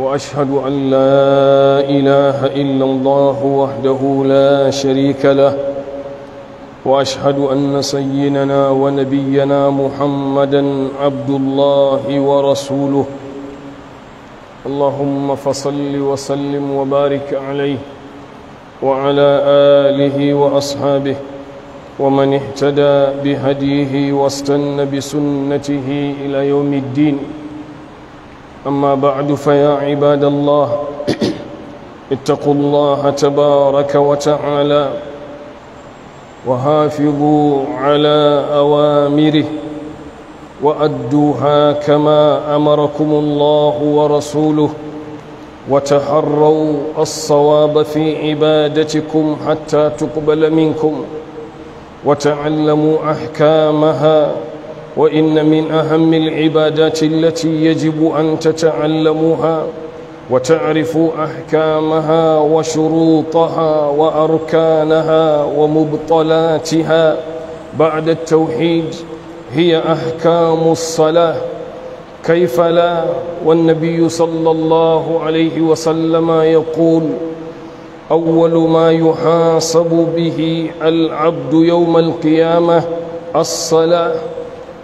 وأشهد أن لا إله إلا الله وحده لا شريك له وأشهد أن سيدنا ونبينا محمدا عبد الله ورسوله اللهم فصل وسلم وبارك عليه وعلى آله وأصحابه ومن اهتدى بهديه واستن بسنته إلى يوم الدين أما بعد فيا عباد الله اتقوا الله تبارك وتعالى وحافظوا على أوامره وأدوها كما أمركم الله ورسوله وتحروا الصواب في عبادتكم حتى تقبل منكم وتعلموا أحكامها وإن من أهم العبادات التي يجب أن تتعلموها وتعرفوا أحكامها وشروطها وأركانها ومبطلاتها بعد التوحيد هي أحكام الصلاة كيف لا والنبي صلى الله عليه وسلم يقول أول ما يحاسب به العبد يوم القيامة الصلاة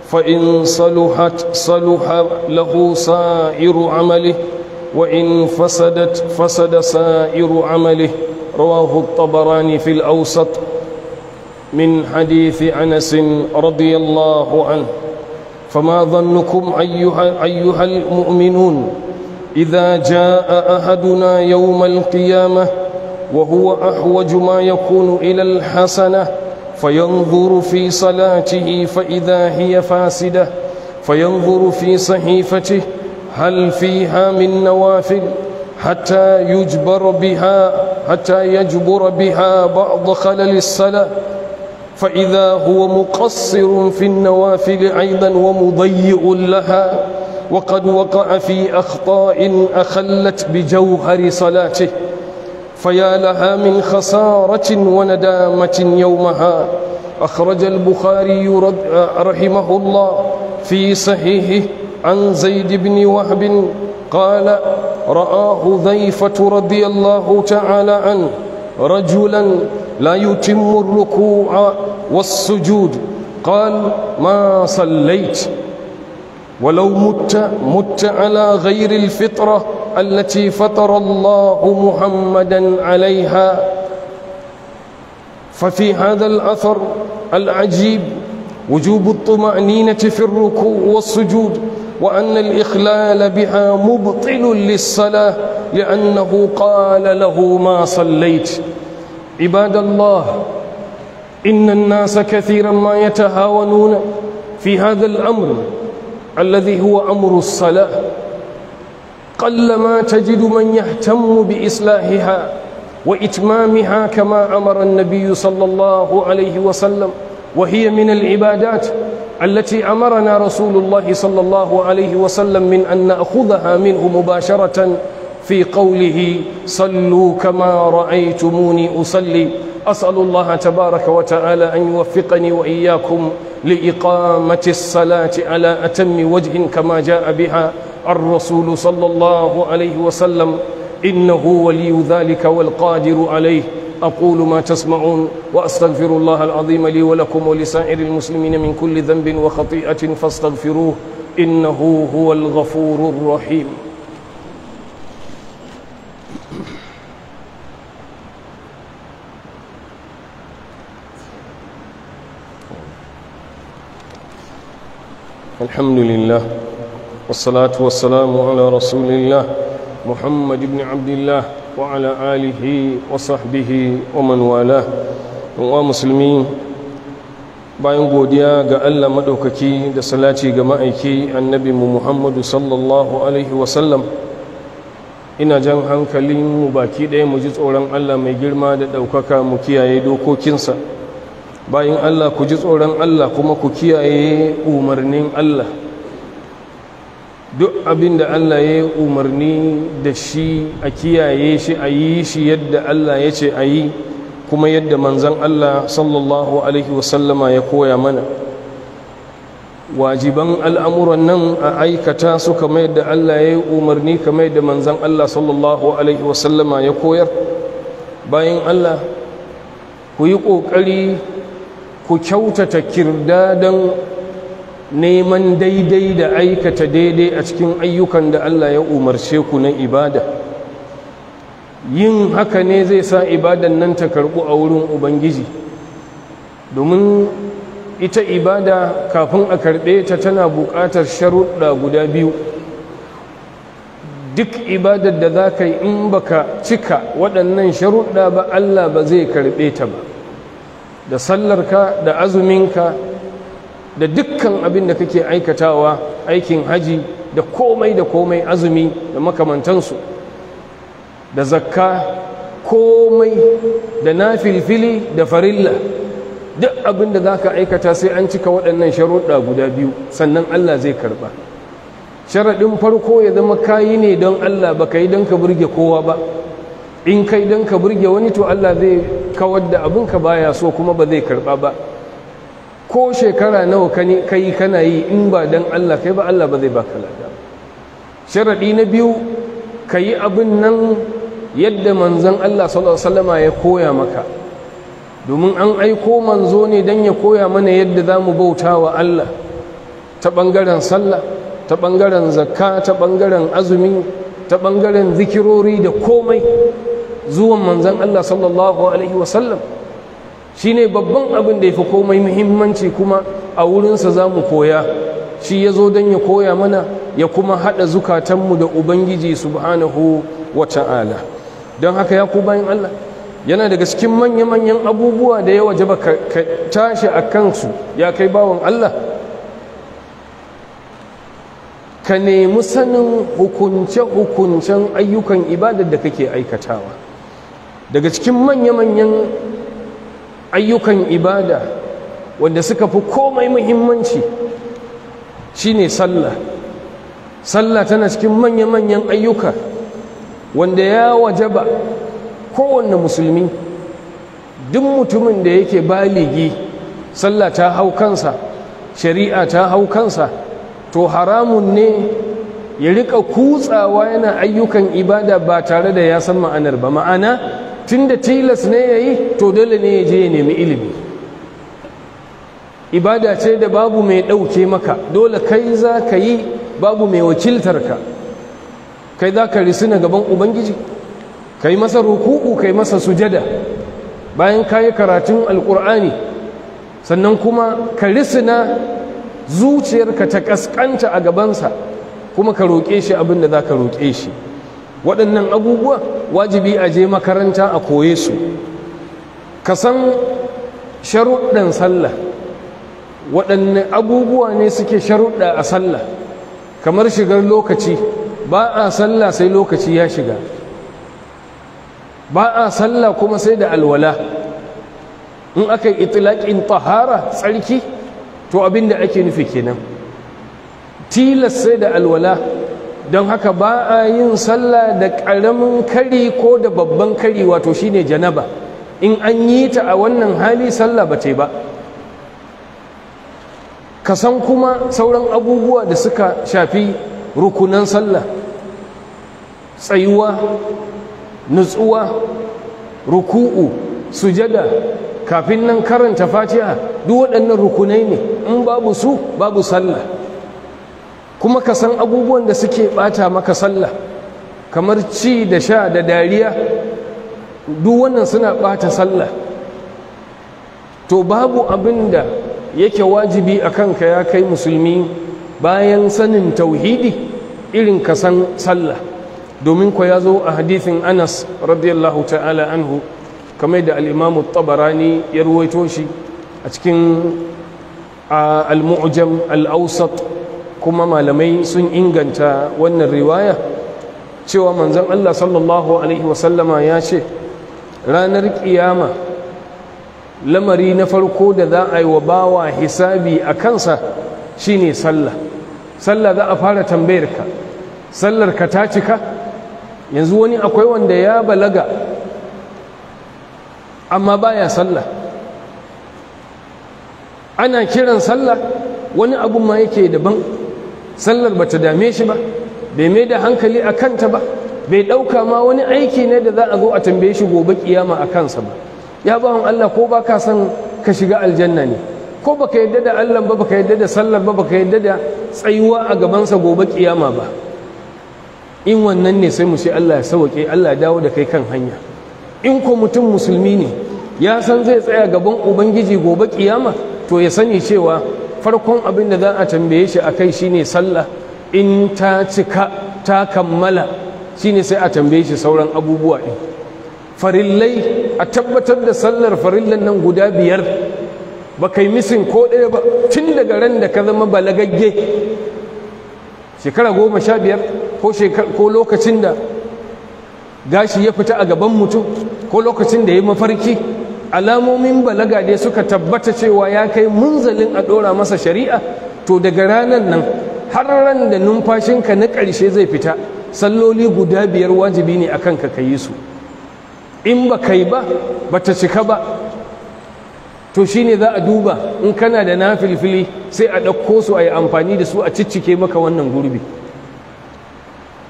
فإن صلحت صلح له سائر عمله وإن فسدت فسد سائر عمله رواه الطبراني في الأوسط من حديث أنس رضي الله عنه فما ظنكم أيها, أيها المؤمنون إذا جاء أحدنا يوم القيامة وهو أحوج ما يكون إلى الحسنة فينظر في صلاته فإذا هي فاسدة فينظر في صحيفته هل فيها من نوافل حتى يجبر بها حتى يجبر بها بعض خلل الصلاة فإذا هو مقصر في النوافل أيضا ومضيع لها وقد وقع في أخطاء أخلت بجوهر صلاته فيا لها من خسارة وندامة يومها أخرج البخاري رحمه الله في صحيحه عن زيد بن وهب قال رآه ذيفة رضي الله تعالى عنه رجلا لا يتم الركوع والسجود قال ما صليت ولو مت مت على غير الفطره التي فطر الله محمدا عليها ففي هذا الأثر العجيب وجوب الطمأنينة في الركوع والسجود وأن الإخلال بها مبطل للصلاة لأنه قال له ما صليت عباد الله إن الناس كثيرا ما يتهاونون في هذا الأمر الذي هو أمر الصلاة قلما تجد من يهتم بإصلاحها وإتمامها كما أمر النبي صلى الله عليه وسلم وهي من العبادات التي أمرنا رسول الله صلى الله عليه وسلم من أن نأخذها منه مباشرة في قوله صلوا كما رأيتموني أصلي أسأل الله تبارك وتعالى أن يوفقني وإياكم لإقامة الصلاة على أتم وجه كما جاء بها الرسول صلى الله عليه وسلم إنه ولي ذلك والقادر عليه أقول ما تسمعون وأستغفر الله العظيم لي ولكم ولسائر المسلمين من كل ذنب وخطيئة فاستغفروه إنه هو الغفور الرحيم الحمد لله والصلاة والسلام على رسول الله محمد بن عبد الله وعلى آله وصحبه ومن والاه ومسلمين bayan godiya ga Allah maɗaukaki da salaci ga ma'aiki annabi mu Muhammadu sallallahu alaihi wasallam ina jan hankalin mu baki ɗaya mu ji tsoron Allah mai girma da ɗaukaka mu kiyaye dokokinsa bayan Allah ku ji tsoron Allah kuma ku kiyaye umarnin Allah duk abin da Allah ya umarni da shi a kiyaye shi a yi shi yadda Allah ya ce a yi kuma yadda manzan Allah sallallahu alaihi wasallama ya koya mana wajiban al'amuran nan a aikata su kama yadda Allah ya yi umarni kama yadda manzan Allah sallallahu alaihi wasallama ya koyar bayan Allah ku yi ƙoƙari ku kyautata kirdadan neman daidai da aikata daidai a cikin ayyukan da Allah ya umarce ku na ibada yin haka ne zai sa ibadan nan ta karɓu a wurin ubangiji domin ita ibada kafin a karɓe ta tana buƙatar sharuɗa guda biyu duk ibadar da za ka yi in baka cika waɗannan sharuɗa ba Allah ba zai karɓe ta ba da sallarka da azuminka da dukkan abin da kake aikatawa aikin haji da komai da komai azumi da makamantansu da zakka komai da nafilfili da farilla duk abin da za ka aikata sai an cika waɗannan sharuɗa guda biyu sannan Allah zai karɓa sharaɗin farko ya zama kayi ne don Allah ba ka yi don ka burge kowa ba in kai don ka burge wani to Allah zai kawar da abinka baya so kuma ba zai karɓa ba ko shekara nawa ka kana yi in ba don Allah kai ba Allah ba zai baka lada sharaɗi na biyu ka yi abin nan yadda manzon Allah sallallahu ya koya maka domin an aiko manzo ne don ya koya mana yadda za mu bauta wa Allah ta ɓangaren sallah ta ɓangaren zakka ta ɓangaren azumi ta ɓangaren zikirori da komai zuwan manzon Allah sallallahu alaihi wasallam shi ne babban abin da ya fi komai muhimmanci kuma a wurinsa za mu koya shi ya zo don ya koya mana ya kuma haɗa zukatanmu da ubangiji subhanahu wa ta'ala don haka ya ku bayan allah yana daga cikin manya-manyan abubuwa da ya wajaba ka tashi a kansu ya kai bawan allah ka nemi sanin hukunce-hukuncen ayyukan ibadar da kake aikatawa daga cikin manya-manyan ayyukan ibada wanda suka fi komai muhimmanci shine sallah sallah tana cikin manya-manyan ayyuka wanda ya waje ba kowanne musulmi duk mutumin da yake baligi sallah ta hau kansa shari'a ta hau kansa to haramun ne ya rika kutsawa yana ayyukan ibada ba tare da ya san ma'anar ba ma'ana tun da tilas ne ya yi to dole ne ya je ya nemi ilimi ibada ce da babu mai ɗauke maka dole kai za ka yi babu mai wakiltarka kai za ka risina gaban ubangiji ka yi masa rukuku ka yi masa sujada bayan ka yi karatun alkur'ani sannan kuma ka risina zuciyarka ta ƙasƙanta a gabansa kuma ka roƙe shi abin da za ka roƙe shi waɗannan abubuwa wajibi a je makaranta a koye su ka san sharuɗɗan sallah waɗanne abubuwa ne suke sharuɗɗa a sallah kamar shigar lokaci ba a sallah sai lokaci ya shiga ba a sallah kuma sai da alwala in aka yi itilaƙin tahara tsarki to abin da ake nufi kenan tilas sai da alwala don haka ba a yin sallah da ƙaramin kari ko da babban kari wato shine janaba in an yi ta a wannan hali sallah ba ta ba ka san kuma sauran abubuwa da suka shafi rukunan sallah tsayuwa nutsuwa ruku'u sujada kafin nan karanta fatiha duk waɗannan rukunai ne in babu su babu sallah kuma ka san abubuwan da suke ɓata maka sallah kamar ci da sha da dariya duk wannan suna ɓata sallah to babu abin da yake wajibi a kanka ya kai musulmi bayan sanin tauhidi irin ka san sallah domin ku ya zo a hadithin anas radiyallahu ta'ala anhu kamar da al'imamu tabarani ya ruwaito shi a cikin al-mu'jam al-awsat kuma malamai sun inganta wannan riwaya cewa manzon Allah sallallahu alaihi wasallama ya ce ranar kiyama lamari na farko da za a yi wa bawa hisabi a kansa shine sallah sallah za a fara tambayar ka sallar ka ta cika yanzu wani akwai wanda ya balaga amma baya sallah ana kiran sallah wani abu ma yake daban sallar ba ta dame shi ba bai mai da hankali a kanta ba bai ɗauka ma wani aiki ne da za a zo a tambaye shi gobe kiyama a kansa ba ya bawan Allah ko ba ka son ka shiga aljanna ne ko ba ka yadda da Allah ba ba ka yadda da sallar ba ba ka yadda da tsayuwa a gabansa gobe kiyama ba in wannan ne sai mu ce Allah ya sauke Allah ya dawo da kai kan hanya in ko mutum musulmi ne ya san zai tsaya gaban ubangiji gobe kiyama to ya sani cewa farkon abin da za a tambaye shi a kai shine sallah in ta cika ta kammala shine sai a tambaye shi sauran abubuwa ɗin farillai a tabbatar da sallar farillan nan guda biyar ba kai misin ko ɗaya ba tun daga ran da ka zama balagagge shekara goma sha biyar ko lokacin da gashi ya fita a gaban mutum ko lokacin da ya mafarki alamomin balaga dai suka tabbata cewa ya kai munzalin a ɗora masa shari'a to daga ranar nan har ran da numfashinka na ƙarshe zai fita salloli guda biyar wajibi ne a kanka ka yi su in ba kai ba ba ta cika ba to shi ne za a duba in kana da na filfili sai a ɗauko su a yi amfani da su a ciccike maka wannan gurbi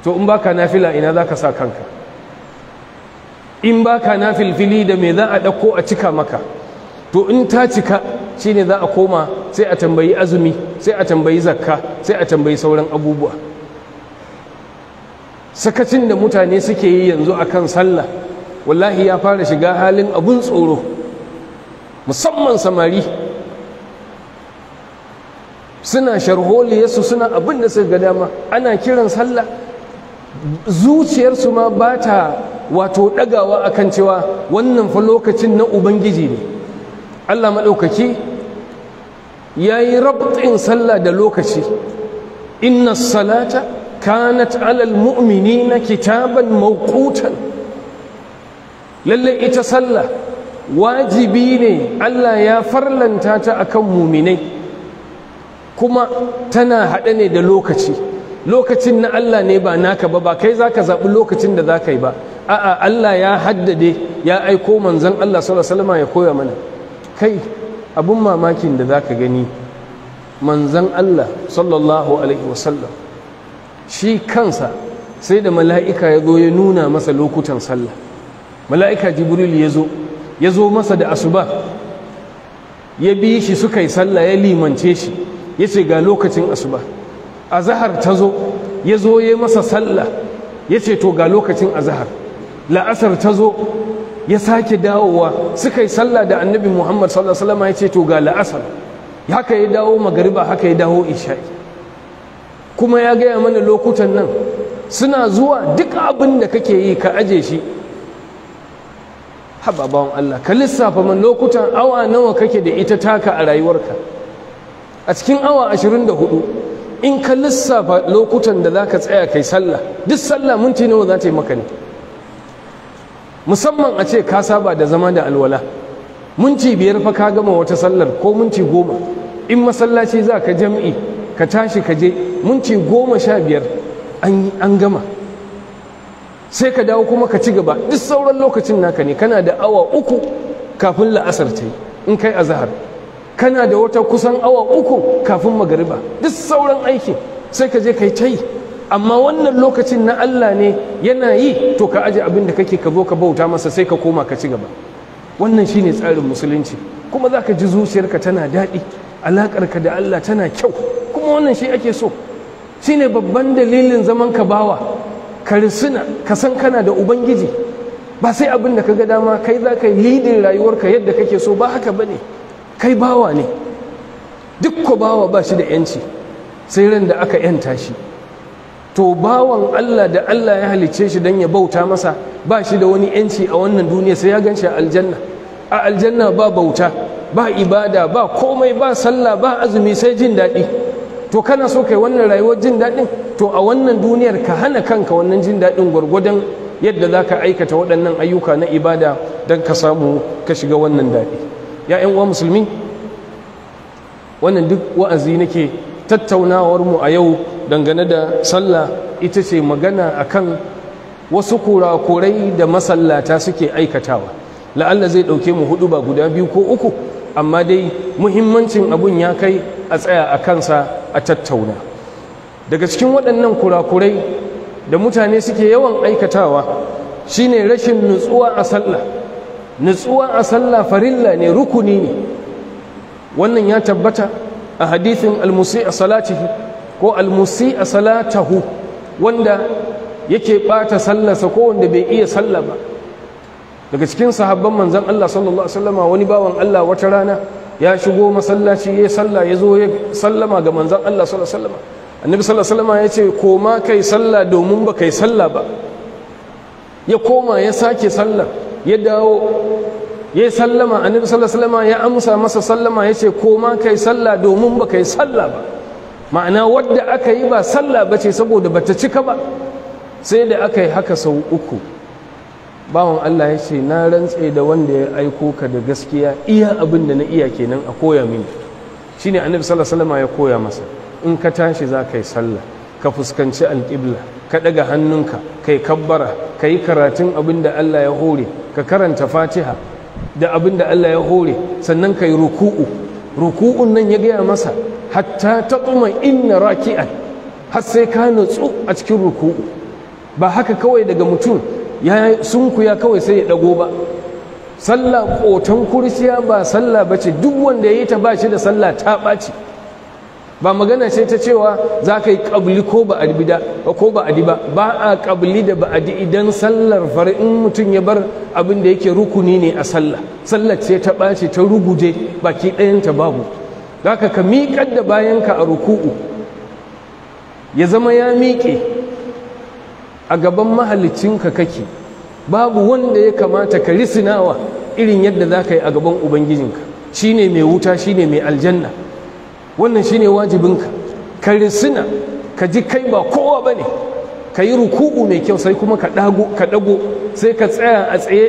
to in baka nafila ina za ka sa kanka in baka na filfili da me za a ɗauko a cika maka to in ta cika shi ne za a koma sai a tambayi azumi sai a tambayi zakka sai a tambayi sauran abubuwa sakacin da mutane suke yi yanzu a kan sallah wallahi ya fara shiga halin abun tsoro musamman samari suna sharholiyarsu suna abin da suka ga dama ana kiran sallah zuciyarsu ma ba ta wato ɗagawa a kan cewa wannan fa lokacin na ubangiji ne allah maɗaukaki ya yi rabtin sallah da lokaci inna salata kanat alal mu'mini na kitaban mawqutan Lallai ita sallah wajibi ne allah ya farlanta ta akan muminai kuma tana haɗe ne da lokaci lokacin na Allah ne ba naka ba ba kai zaka zaɓi lokacin da zaka yi ba a'a Allah ya haddade ya aiko manzon Allah sallallahu alaihi wasallam ya koya mana kai abin mamakin da zaka gani manzan Allah sallallahu alaihi wasallam shi kansa sai da mala'ika ya zo ya nuna masa lokutan sallah mala'ika jibril ya zo ya zo masa da asuba ya bi shi suka yi sallah ya limance shi ya ce ga lokacin asuba azahar ta zo ya zo ya masa sallah ya ce to ga lokacin azahar la'asar ta zo ya sake dawowa suka yi sallah da annabi muhammad sallallahu alaihi ya ce to ga la'asar haka ya dawo magariba haka ya dawo isha'i kuma ya gaya mana lokutan nan suna zuwa duk abin da kake yi ka aje shi haba bawan Allah ka lissafa man lokutan awa nawa kake da ita taka a rayuwarka a cikin awa da hudu. in ka lissafa lokutan da za ka tsaya kai sallah duk sallah minti nawa za ta yi maka ne musamman a ce ka saba da zama da alwala minti biyar fa ka gama wata sallar ko minti goma in masallaci za ka jam'i ka tashi ka je minti goma sha biyar an gama sai ka dawo kuma ka ci gaba duk sauran lokacin naka ne kana da awa uku kafin la'asar ta yi in kai azahar kana da wata kusan awa uku kafin magariba duk sauran aiki sai ka je kai ta yi amma wannan lokacin na Allah ne yana yi to ka aje abin da kake ka zo ka bauta masa sai ka koma ka ci gaba wannan shine tsarin musulunci kuma za ka ji zuciyarka tana daɗi alaƙarka da Allah tana kyau kuma wannan shi ake so shine babban dalilin zaman ka bawa ka risina ka san kana da ubangiji ba sai abin da ka ga dama kai za ka yi lidin rayuwarka yadda kake so ba haka bane ne kai bawa ne duk ko bawa ba shi da yanci sai ran da aka yanta shi to bawan Allah da Allah ya halicce shi don ya bauta masa ba shi da wani yanci a wannan duniya sai ya ganshi a aljanna a aljanna ba bauta ba ibada ba komai ba sallah ba azumi sai jin daɗi to kana so kai wannan rayuwar jin daɗin to a wannan duniyar ka hana kanka wannan jin daɗin gwargwadon yadda za ka aikata waɗannan ayyuka na ibada don ka samu ka shiga wannan daɗi ya yan uwa musulmi wannan duk wa'azi nake tattaunawar mu a yau dangane da sallah ita ce magana akan wasu kurakurai da masallata suke aikatawa la'alla zai dauke mu hudu ba guda biyu ko uku amma dai muhimmancin abun ya kai a tsaya a kansa a tattauna daga cikin waɗannan kurakurai da mutane suke yawan aikatawa shine rashin nutsuwa a sallah nutsuwa a sallah farilla ne rukuni ne wannan ya tabbata a hadithin almusi a salatihi ko almusi a salatahu wanda yake bata sallarsa ko wanda bai iya sallah ba daga cikin sahabban manzon Allah sallallahu alaihi wasallam wani bawan Allah wata rana ya shigo masallaci ya sallah ya zo ya sallama ga manzon Allah sallallahu alaihi wasallam annabi sallallahu alaihi wasallam ya ce koma kai sallah domin ba kai sallah ba ya koma ya sake sallah ya dawo ya yi sallama annabi sallama ya amsa masa sallama ya ce ko ma kai salla domin ba kai salla ba ma'ana wadda aka yi ba salla ba ce saboda ba ta cika ba sai da aka yi haka sau uku bawan Allah ya ce na rantse da wanda ya aiko ka da gaskiya iya abin da na iya kenan a koya mini shine annabi sallallahu alaihi ya koya masa in ka tashi za ka yi sallah ka fuskanci alƙibla ka daga hannunka kai kabbara ka yi karatun abin da Allah ya hore ka karanta fatiha da abin da Allah ya hore sannan ka yi ruku'u ruku'un nan ya gaya masa hatta ta tsuma inna raki'an har sai ka nutsu a cikin ruku'u ba haka kawai daga mutum ya sunkuya kawai sai ya ɗago ba sallah kotan kurciya ba sallah ba ce duk wanda ya yi ta ba shi da sallah ta ɓaci ba magana ce ta cewa za ka yi ƙabli ko ba adi ba ba a ƙabli da ba adi idan sallar in mutum ya bar abin da yake rukuni ne a sallah sallar ce ta ɓace ta ruguje baki ɗayanta babu za ka ka miƙar da ka a ruku'u ya zama ya miƙe a gaban mahalicinka kake babu wanda ya kamata ka risinawa irin yadda za ka yi a gaban ubangijinka shine mai wuta shine mai aljanna wannan shine wajibinka ka risina ka ji kai ba kowa bane ka yi ruku'u mai kyau sai kuma ka dago ka dago sai ka tsaya a tsaye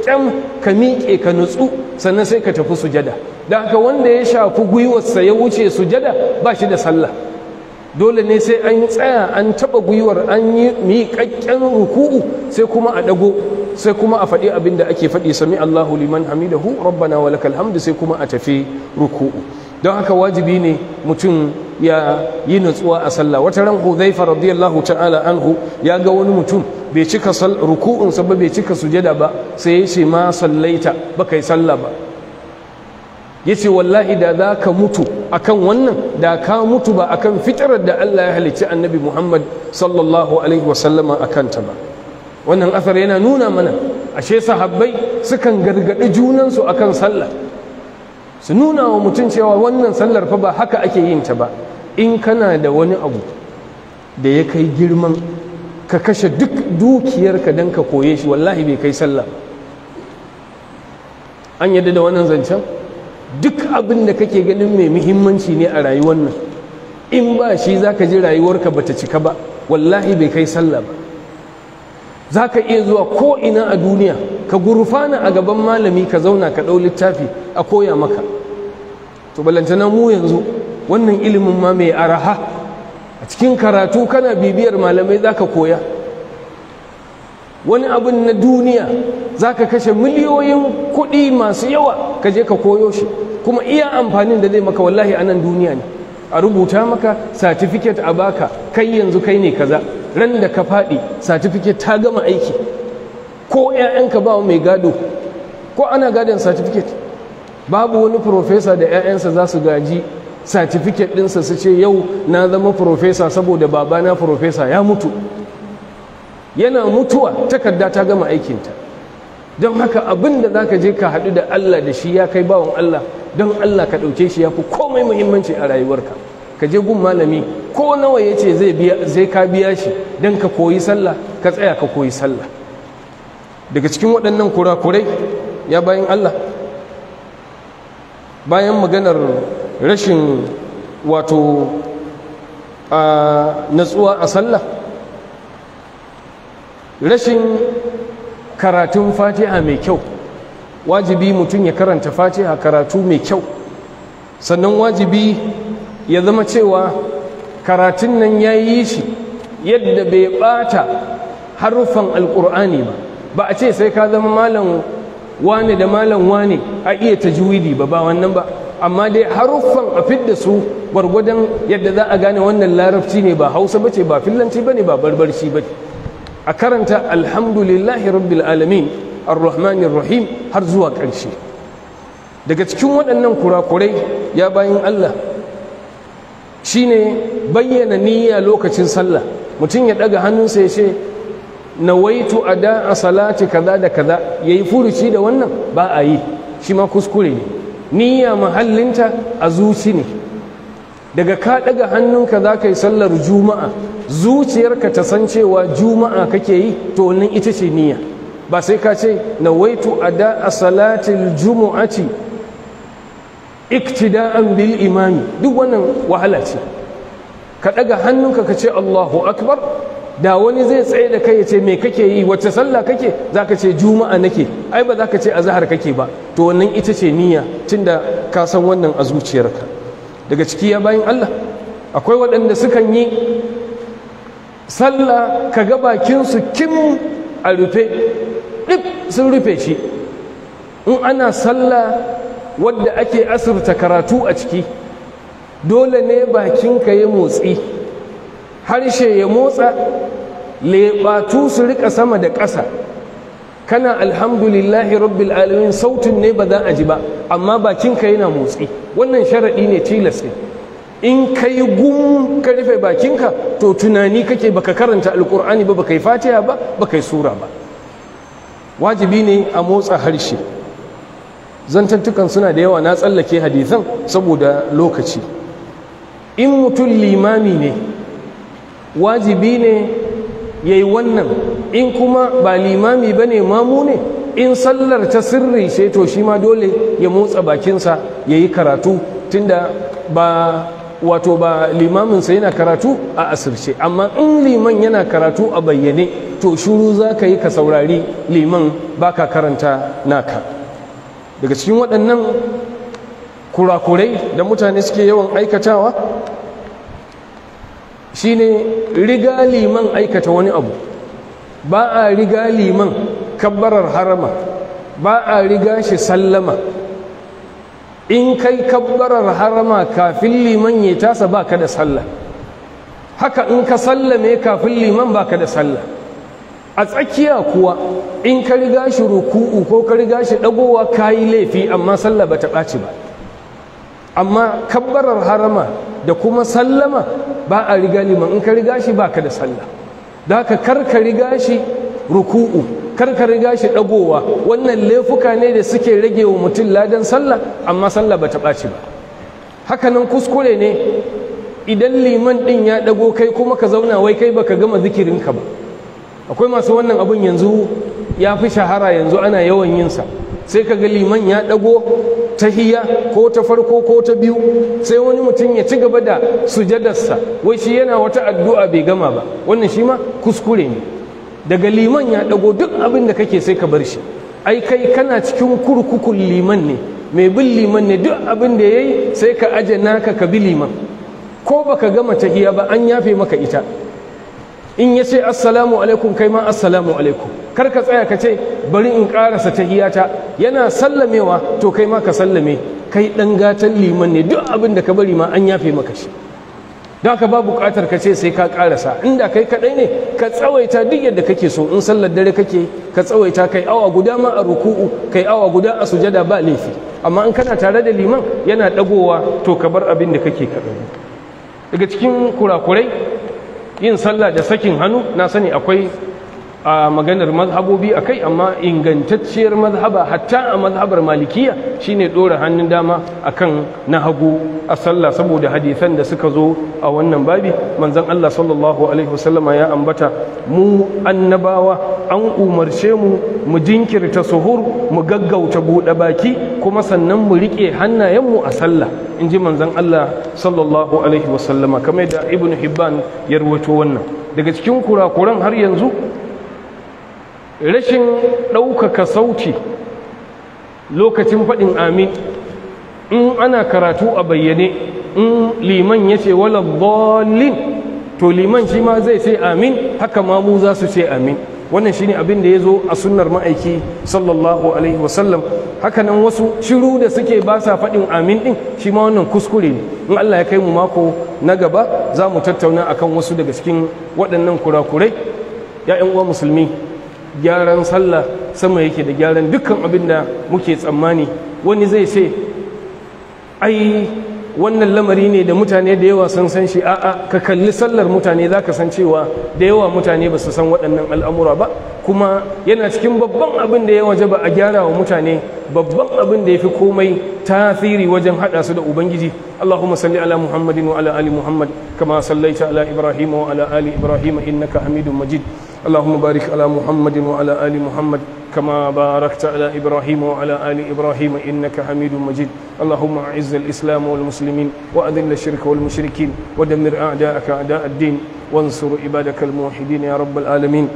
kyam ka miƙe ka nutsu sannan sai ka tafi sujada da haka wanda ya shafi gwiwarsa ya wuce sujada ba shi da sallah dole ne sai an tsaya an taɓa gwiwar an yi miƙaƙƙen ruku'u sai kuma a dago sai kuma a faɗi abin da ake faɗi sami Allahu liman hamidahu rabbana walakal hamdu sai kuma a tafi ruku'u don haka wajibi ne mutum ya yi natsuwa a sallah wata ran huzaifa radiyallahu ta'ala anhu ya ga wani mutum bai cika ruku'un sa ba bai cika sujada ba sai ya ce ma sallaita ba kai sallah ba yace wallahi da za ka mutu akan wannan da ka mutu ba akan fitarar da Allah ya halicci annabi Muhammad sallallahu alaihi wa sallama akan ta ba wannan asar yana nuna mana ashe sahabbai sukan gargadi junansu akan sallah su nuna wa mutum cewa wannan sallar fa ba haka ake yin ta ba in kana da wani abu da ya kai girman ka kashe duk dukiyarka don ka koye shi wallahi bai kai sallah an yadda da wannan zancen duk abin da kake ganin mai muhimmanci ne a rayuwar nan in ba shi za ka ji rayuwarka bata cika ba wallahi bai kai sallah ba za ka iya zuwa ko ina a duniya ka gurfana a gaban malami ka zauna ka ɗau littafi a koya maka to na mu yanzu wannan ilimin ma mai araha a cikin karatu kana bibiyar malamai za ka koya wani abin na duniya za ka kashe miliyoyin kuɗi masu yawa ka je ka koyo shi kuma iya amfanin da zai maka wallahi a nan duniya ne a rubuta maka satifiket a baka kai yanzu kai ne kaza ran da ka faɗi satifiket ta gama aiki ko 'ya'yanka ba mai gado ko ana gadon certificate babu wani profesa da 'ya'yansa za su gaji satifiket ɗinsa su ce yau na zama profesa saboda babana profesa ya mutu yana mutuwa takarda ta gama aikinta don haka abin da za ka je ka haɗu da allah da shi ya kai bawan allah don allah ka ɗauke shi ya fi komai muhimmanci a rayuwarka ka je gun malami ko nawa ya ce zai ka biya shi don ka koyi sallah ka tsaya ka koyi sallah daga cikin waɗannan kurakurai ya bayan Allah bayan maganar rashin wato a natsuwa a sallah rashin karatun fatiha mai kyau wajibi mutum ya karanta fatiha karatu mai kyau sannan wajibi ya zama cewa karatun nan ya yi shi yadda bai bata haruffan alƙur'ani ba ba a ce sai ka zama malam wane da malam wane a iya tajwidi ba ba wannan ba amma dai haruffan a fidda su gwargwadon yadda za a gane wannan larabci ne ba hausa ba ce ba fillanci ba ne ba barbarci ba a karanta alhamdulillahi rabbil alamin arrahmanir rahim har zuwa ƙarshe daga cikin waɗannan kurakurai ya bayan allah shine bayyana niyya lokacin sallah mutum ya ɗaga hannunsa ya ce nawaitu ada a salati kaza da kaza yayi furuci da wannan ba a yi shi ma kuskure ne niyya mahallinta a zuci ne daga ka daga hannunka za ka yi sallar juma'a zuciyarka ta san cewa juma'a kake yi to wannan ita ce niyya ba sai ka ce nawaitu ada a salatil jumu'ati iktida'an bil imami duk wannan wahala ce ka daga hannunka ka ce Allahu akbar da wani zai tsaye da kai ya ce me kake yi wacce sallah kake za ka ce juma'a nake ai ba za ka ce azahar kake ba to wannan ita ce niyya tunda ka san wannan a zuciyarka daga ciki ya bayan Allah akwai waɗanda sukan yi sallah ka ga bakinsu kim a rufe ɗif sun rufe shi in ana sallah wadda ake asirta karatu a ciki dole ne bakinka ya motsi harshe ya motsa leɓatu su rika sama da ƙasa kana alhamdulillahi rabbil alamin sautin ne ba za a ji ba amma bakinka yana motsi wannan sharaɗi ne tilas in ka yi gun ka rufe bakinka to tunani kake baka karanta alkur'ani ba baka yi fatiha ba baka yi sura ba wajibi ne a motsa harshe zantattukan suna da yawa na tsallake hadisan saboda lokaci in mutum limami ne wajibi ne ya yi wannan in kuma ba limami ba ne mamu ne in sallar ta sirri sai to shi ma dole ya motsa bakinsa ya yi karatu tunda ba wato ba limaminsa yana karatu a asirce amma in liman yana karatu a bayyane to shuru za ka yi ka saurari liman baka karanta naka daga cikin waɗannan kurakurai da mutane suke yawan aikatawa Shi ne riga liman aikata wani abu ba a riga liman kabbarar harama ba a riga shi sallama in kai kabbarar harama kafin liman ya tasa ba ka da sallah haka in ka sallame kafin liman ba ka da sallah a tsakiya kuwa in ka riga shi ruku'u ko ka riga shi dagowa ka yi laifi amma sallah ba ta ɓaci ba amma kabbarar harama da kuma sallama ba a riga liman in ka riga shi ba ka da sallah da ka kar ka riga shi ruku'u kar ka riga shi dagowa wannan laifuka ne da suke rage wa mutum ladan sallah amma sallah ba ta ɓaci ba hakanan kuskure ne idan liman ɗin ya ɗago kai kuma ka zauna wai kai baka gama zikirin ka ba akwai masu wannan abun yanzu ya fi shahara yanzu ana yawan yin sa sai ka ga liman ya ɗago tahiya ko ta farko ko ta biyu sai wani mutum ya ci gaba da sujadarsa wai shi yana wata addu'a bai gama ba wannan shi ma kuskure ne daga liman ya dago duk abin da kake sai ka bar shi ai kai kana cikin kurkukun liman ne mai bin liman ne duk abin da ya yi sai ka aje naka ka bi liman ko baka gama tahiya ba an yafe maka ita in ya ce assalamu alaikum kai ma assalamu alaikum kar ka tsaya ka ce bari in karasa tahiyata yana sallamewa to kai ma ka sallame kai dan gatan liman ne duk abin da ka bari ma an yafe maka shi don haka ba bukatar ka ce sai ka karasa inda kai kaɗai ne ka tsawaita duk yadda kake so in sallar dare kake ka tsawaita kai awa guda ma a ruku'u kai awa guda a sujada ba laifi amma in kana tare da liman yana dagowa to ka bar abin da kake kaɗai daga cikin kurakurai yin sallah da sakin hannu na sani akwai a maganar mazhabobi a kai amma ingantacciyar mazhaba hatta a mazhabar malikiya shine ɗora hannun dama akan na hagu a sallah saboda hadisan da suka zo a wannan babi manzon Allah sallallahu alaihi wasallama ya ambata mu annabawa an umarce mu mu jinkirta suhur mu gaggauta buɗe baki kuma sannan mu riƙe hannayenmu a sallah in ji manzon Allah sallallahu alaihi wasallama kamar da ibn hibban ya rawaito wannan daga cikin kurakuran har yanzu rashin ɗaukaka sauti lokacin faɗin amin in ana karatu a bayyane in liman ya ce wala to liman shi ma zai sai amin haka ma mu za su ce amin wannan shine abin da ya zo a sunnar ma'aiki sallallahu alaihi wasallam hakanan wasu shiru da suke ba sa faɗin amin ɗin shi ma wannan kuskure ne in allah ya kai mu mako na gaba za mu tattauna akan wasu daga cikin waɗannan kurakurai ya'yan uwa musulmi gyaran sallah sama yake da gyaran dukkan abin da muke tsammani wani zai ce ai wannan lamari ne da mutane da yawa sun san shi a'a ka kalli sallar mutane za ka san cewa da yawa mutane ba su san waɗannan al'amura ba kuma yana cikin babban abin da ya waje ba a gyara wa mutane babban abin da ya fi komai tasiri wajen haɗa su da ubangiji allahumma salli ala muhammadin wa ala ali muhammad kama sallaita ala ibrahim wa ala ali ibrahim innaka hamidun majid allahumma barik ala muhammadin wa ala ali muhammad كما باركت على إبراهيم وعلى آل إبراهيم إنك حميد مجيد اللهم أعز الإسلام والمسلمين وأذل الشرك والمشركين ودمر أعداءك أعداء الدين وانصر عبادك الموحدين يا رب العالمين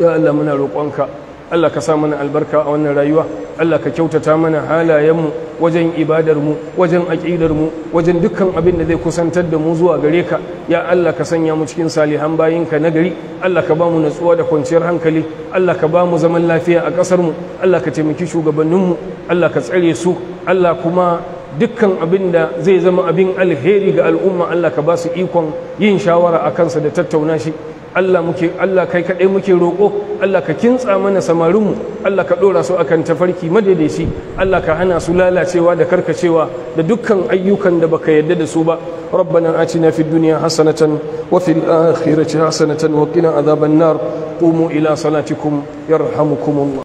يا الله من روقانك Allah ka sa mana albarka a wannan rayuwa Allah ka kyautata mana halayenmu wajen ibadarmu wajen aƙidarmu wajen dukkan abin da zai kusantar da mu zuwa gare ka ya Allah ka sanya mu cikin salihan bayinka na gari Allah ka ba mu natsuwa da kwanciyar hankali Allah ka ba mu zaman lafiya a ƙasarmu Allah ka taimaki shugabanninmu Allah ka tsare su Allah kuma dukkan abin da zai zama abin alheri ga al'umma Allah ka ba su ikon yin shawara a kansa da tattauna shi Allah muke Allah kai kaɗai muke roƙo Allah ka kintsa mana samarinmu Allah ka ɗora su akan tafarki madaidaici Allah ka hana su lalacewa da karkacewa da dukkan ayyukan da baka yarda da su ba ربنا آتنا في الدنيا حسنة وفي الآخرة حسنة وقنا عذاب النار قوموا إلى صلاتكم يرحمكم الله